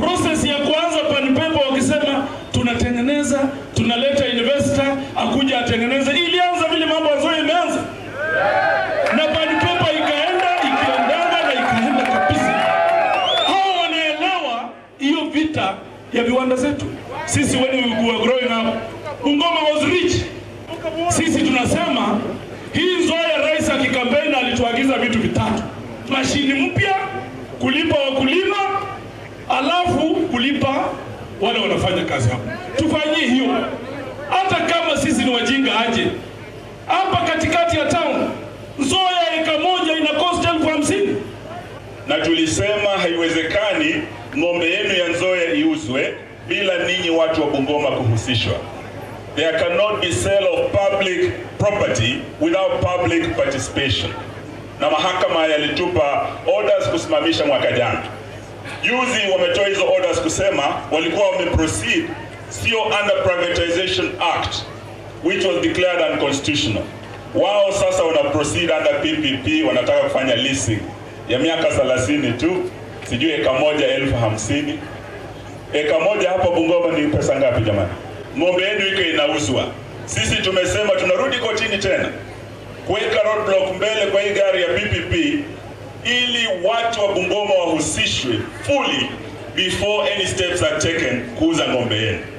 process ya kwanza panipepo wakisema tunatengeneza tunaleta investor akuja atengeneze, ilianza vile mambo Anzoia imeanza na panipepo ikaenda ikiendana na ikaenda kabisa. Hao wanaelewa hiyo vita ya viwanda zetu. Sisi when we were growing up, Bungoma was rich. Sisi tunasema hii Nzoia, rais akikampeni alituagiza vitu vitatu: mashini mpya, kulipa wakulima kulipa wale wanafanya kazi hapo. Tufanyie hiyo, hata kama sisi ni wajinga aje. Hapa katikati ya town Nzoya eka moja ina cost elfu hamsini na tulisema haiwezekani ng'ombe yenu ya Nzoya iuzwe bila ninyi watu wa Bungoma kuhusishwa. There cannot be sale of public property without public participation, na mahakama yalitupa orders kusimamisha mwaka jana. Juzi wametoa hizo orders kusema walikuwa wameproceed sio under privatization act which was declared unconstitutional. Wao sasa wana proceed under PPP, wanataka kufanya leasing ya miaka 30 tu, sijui eka moja elfu hamsini. Eka moja hapa Bungoma ni pesa ngapi jamani? Ng'ombe yenu iko inauzwa. Sisi tumesema tunarudi kotini tena kuweka roadblock mbele kwa hii gari ya PPP ili watu wa Bungoma wahusishwe fully before any steps are taken kuuza ng'ombe yenu.